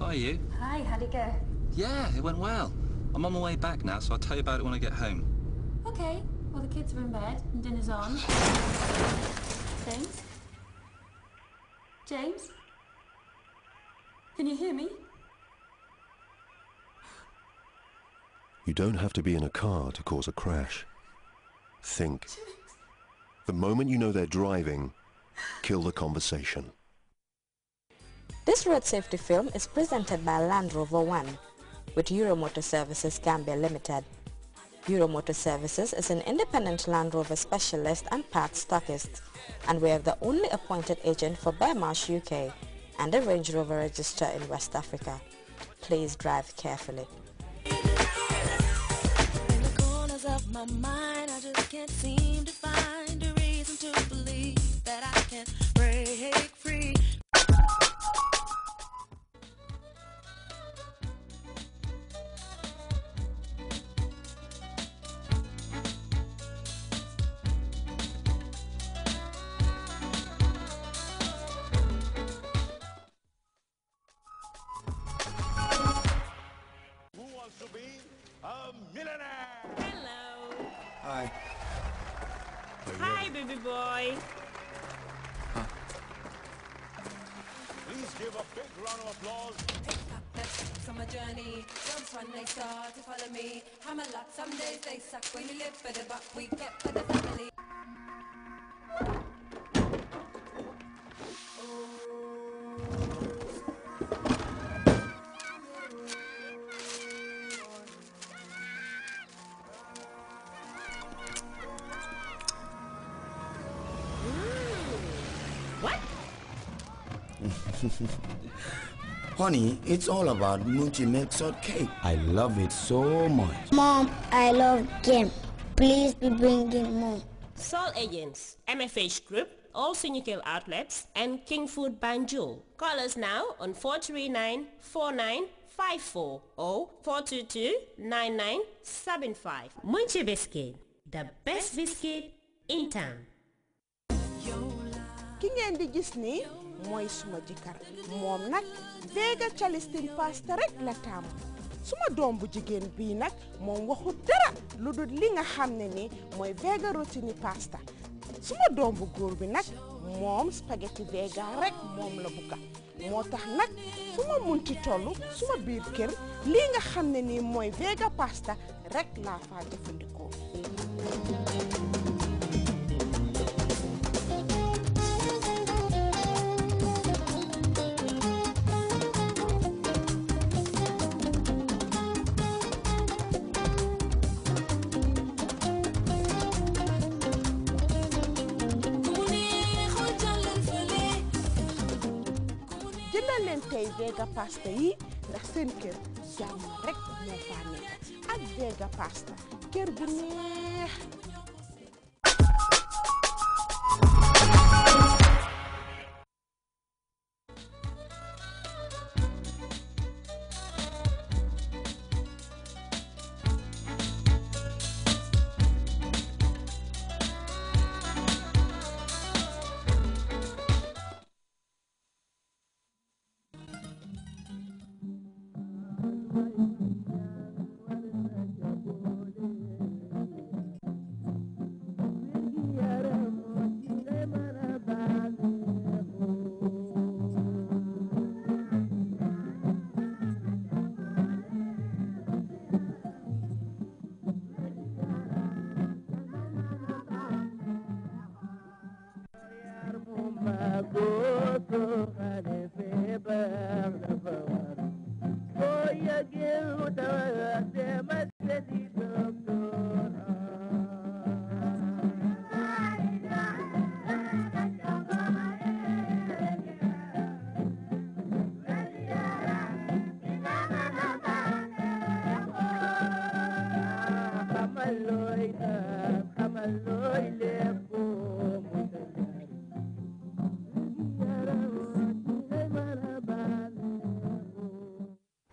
Hi, you. Hi, how'd it go? Yeah, it went well. I'm on my way back now, so I'll tell you about it when I get home. Okay. Well, the kids are in bed and dinner's on. James? James? Can you hear me? You don't have to be in a car to cause a crash. Think. James. The moment you know they're driving, kill the conversation. This road safety film is presented by Land Rover One with Euromotor Services Gambia Limited. Euromotor Services is an independent Land Rover specialist and parts stockist, and we are the only appointed agent for Bearmarsh UK and the Range Rover Register in West Africa. Please drive carefully. Mind, I just can't seem to find Millionaire! Hello. Hi. Hi, baby boy. Please give a big round of applause. Pick up lessons from a journey. Jumps when they start to follow me. Hammer luck, some days they suck. When you live for the buck, we get for the family. Honey, it's all about Munchie Milk cake. I love it so much. Mom, I love game. Please be bringing more. Salt agents, MFH Group, all Sunical outlets, and King Food Banjul. Call us now on 439-4954 or 422-9975. Biscuit, the best biscuit in town. King and di Disney. mooy suma jëkkër moom nag Vega Celestine Pastor rek la taamu suma doom bu jigéen bii nag moom waxu dara lu dul li nga xam ne ni mooy Vega Rotini Pasta suma doom bu góor bi nag moom spaghetti Vega rek moom la bugga moo tax nag su ma munti toll suma biir kër li nga xam ne nii mooy Vega Pasta rek laa faa jëfandikoo xool leen tey déega pasta yi ndax seen kër jàmm rek moo faa nekk ak déega pasta kër gu neex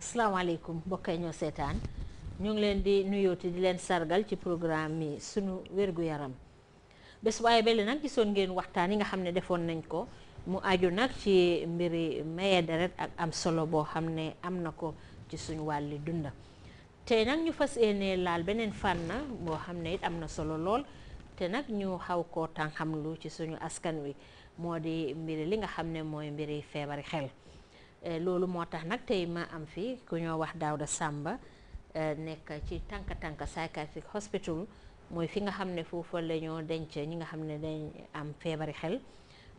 salaamaaleykum mbokk yi ñoo seetaan ñu ngi leen di nuyooti di leen sargal ci programme mi suñu wér-gu-yaram bés bu ay bele nag gisoon ngeen waxtaan yi nga xam ne defoon nañ ko mu aju nag ci mbiri maye deret ak am solo boo xam ne am na ko ci suñu wàlli dunda tey nag ñu fas yéene laal beneen fànn boo xam ne am na solo lool te nag ñu xaw koo tànxamlu ci suñu askan wi moo di mbiri li nga xam ne mooy mbiri feebari xel Eh, loolu moo tax nag tey ma am fi ku ñoo wax Daouda Samba eh, nekk ci Tanka Tanka psychiatric hospital mooy fi nga xam ne foofa la ñoo denc ñi nga xam ne dañ am feebari xel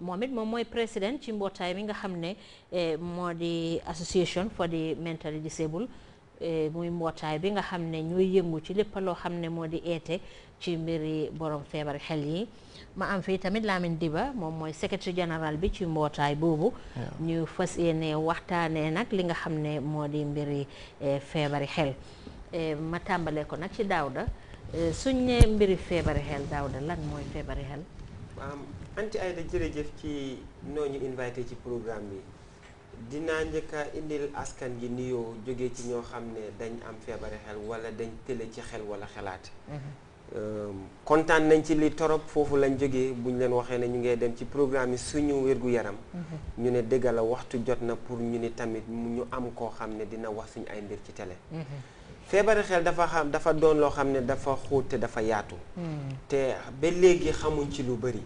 moom it moom mooy président ci mbootaay mi nga xam ne eh, moo di association for the mentally disabled Eh, muy mbootaay bi nga xam ne ñooy yëngu ci lépp loo xam ne moo di eete ci mbiri boroom feebar xel yi ma am fii tamit Lamin Diba moom mooy secrétaire général bi ci mbootaay boobu ñu fas yéene waxtaanee nag li nga xam ne moo di mbiri eh, feebari xel eh, ma tàmbalee ko nag ci Daawda suñ ne mbiri feebari xel Daawda lan mooy feebari xel anti ay da jërëjëf ci nooñu invité ci programme bi dinaa njëkk indi askan gi nuyoo jóge ci ñoo xam ne dañ am feebari xel wala dañ tële ci xel wala xelaat mhm. euh, kontaan nañ ci li torop foofu lañ jógee buñ leen waxee na ñu ngee dem ci programme yi suñu wérgu yaram mhm. ñu ne dëgg la waxtu jot na pour ñu ni tamit ñu am koo xam ne dina wax suñu ay mbir ci télé mhm. feebari xel dafa xam dafa doon loo xam ne dafa xóot te dafa yaatu te ba léegi xamuñ ci lu bari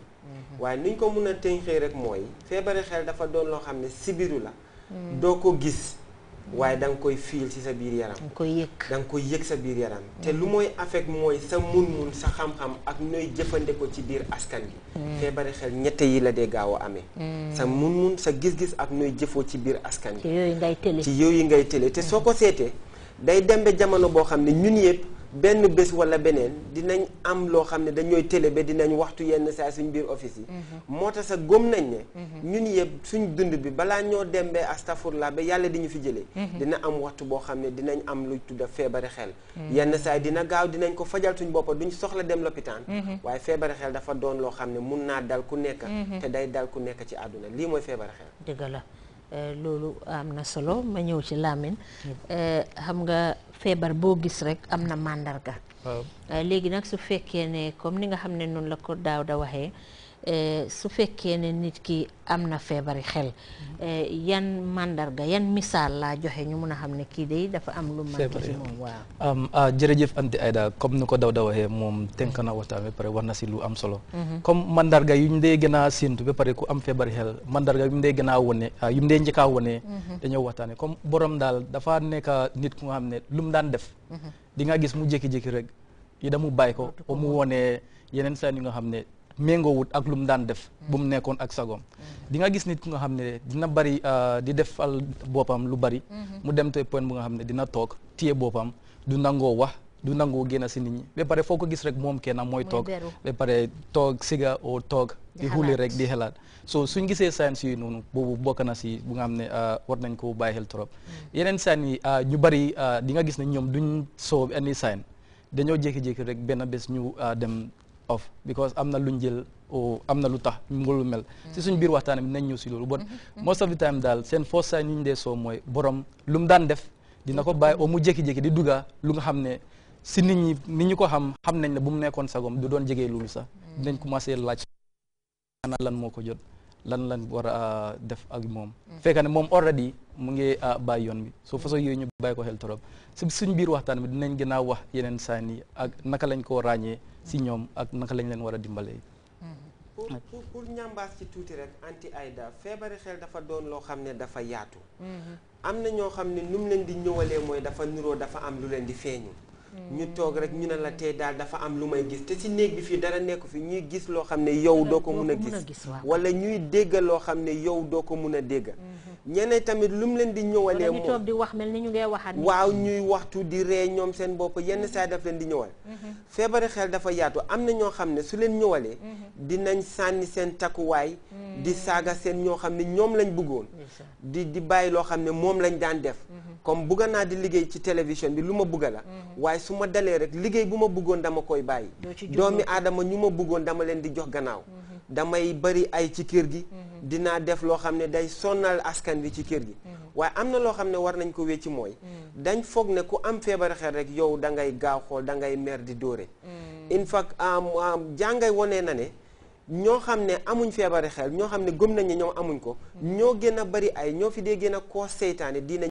waaye ni ñu ko mën a tënkee rek mooy feebari xel dafa doon loo xam ne sibiru la mm. doo ko gis waaye da nga koy fiil ci sa biir yaram koy yëg da koy yëg sa biir yaram mm. te lu mooy affect mooy sa mun-mun sa xam-xam ak nooy jëfandikoo ci biir askan bi mm. feebari xel ñette yi la dee gaaw a amee sa mun-mun sa gis-gis ak nooy jëfoo ci biir askan bi ci yi ngay tële te soo ko seetee day dem ba jamono boo xam ne ñun yëpp benn bés wala beneen dinañ am loo xam ne dañooy télé ba dinañ waxtu yenn saa suñ biir office yi mhm. moo tax sa gëm nañ ne mhm. ñun yëpp suñ dund bi balaa ñoo dem ba astafurla ba yàlla di ñu fi jëlee mhm. dina am waxtu boo xam ne dinañ am lu tudda feebari xel yenn saa dina gaaw dinañ ko fajal suñ boppa duñ soxla dem lopitaan waaye feebari xel dafa doon loo xam ne mun naa dal ku nekk te day dal ku nekk ci àdduna lii mooy feebari xel la Euh, loolu am na solo ma ñëw ci Lamine mm. euh, xam nga feebar boo gis rek am na màndarga euh, léegi nag su fekkee ne comme ni nga xam ne noonu la ko daaw da waxee Eh, su fekkee ne nit ki am na feebari xel eh, yan màndarga yan misaal laa joxe ñu mun a xam ne kii day dafa am lu manqué si moom waaw um, ah, jërëjëf Anti Aida comme ni ko daw da waxee moom tënk na na si lu am solo mhm. comme màndarga yu ñu dee gën a séentu ba pare ku am feebari xel màndarga yu ñu dee gën a wone ah, yu ñu dee njëkkaa wone mhm. dañoo waxtaane comme borom daal dafa nekk nit ku nga xam ne lu mu daan def mhm. di nga gis mu jékki-jékki rek yi da mu bàyyi ko ba mu wone yeneen saa yi nga xam ne méngoowut ak lu mu daan def bu mu nekkoon ak sagoom di nga gis nit ku nga xam ne dina bari euh, di defal boppam lu bari mhm. mu dem te point bu nga xam ne dina toog téye boppam du nangoo wax du nangoo génn si nit ñi ba pare foo ko gis rek moom kenn mooy toog ba pare toog siga oo toog di xuli rek di xelaat so suñ gisee science yi noonu boobu bokk na si bu nga xam ne euh, war nañ ko bàyyi xel trop mm. yeneen sign yi euh, ñu bari di nga gis ne ñoom duñ soob any sign dañoo jékki-jékki rek benn bés ñu off because am na luñ jël am na lu tax lu mel si suñ biir waxtaan bi nañ ñëw si loolu bon most of the time daal seen force ñu ñu dee soo mooy borom lu mu daan def dina ko bàyyi o mu jékki-jékki di dugga lu nga xam ne si nit ñi ni ñi ko xam xam nañ ne bu mu nekkoon sagom du doon jege loolu sax dinañ commencé laaj ana lan moo ko jot lan lan war a euh, def ak moom mm. fekka ne moom already mu ngi euh, bàyyi yoon bi soo façon yooyu ñu bàyyi ko xel torop si suñ biir waxtaan bi dinañ gën a wax yeneen saan yi ak naka lañ koo ràññee si ñoom ak naka lañ leen war a dimbalee mm-hmm. pour pour ñambaas ci tuuti rek anti aida feebari xel dafa doon loo xam ne dafa yaatu mm-hmm. am na ñoo xam ne nu leen di ñëwalee mooy dafa niroo dafa am lu leen di feeñu ñu toog rek ñu ne la tey daal dafa am lu may gis te si néeg bi fii dara nekku fi ñuy gis loo xam ne yow doo ko mun a gis wala ñuy dégg loo xam ne yow doo ko mun a dégg mm-hmm. ñeneen tamit lu mu leen di ñëwalee moom toog di wax mel ni ñu waxaat waaw ñuy waxtu di ree ñoom seen bopp yenn saa mm-hmm. daf leen di ñëwal mm-hmm. feebari xel dafa yaatu am na ñoo xam ne su leen ñëwalee dinañ sànni seen takkuwaay di saaga seen ñoo xam ne ñoom lañ bëggoon di bàyyi loo xam ne moom lañ daan def comme bugga naa di liggéey ci télévision bi lu ma bugga la mhm. waaye su ma dalee rek liggéey bu ma buggoon dama koy bàyyi doomi aadama ñu ma buggoon dama leen di jox gannaaw mhm. damay bari ay ci kër gi mhm. dinaa def loo xam ne day sonnal askan bi ci kër gi waaye am na loo xam ne war nañ ko wecci mooy dañ foog ne ku am feebar xel rek yow da ngay gaaw xool da ngay mer di dóore in fact jàngay wone na ne ñoo xam ne amuñ feebari xel ñoo xam ne gëm nañ ñoom amuñ ko ñoo a bari ay ñoo fi a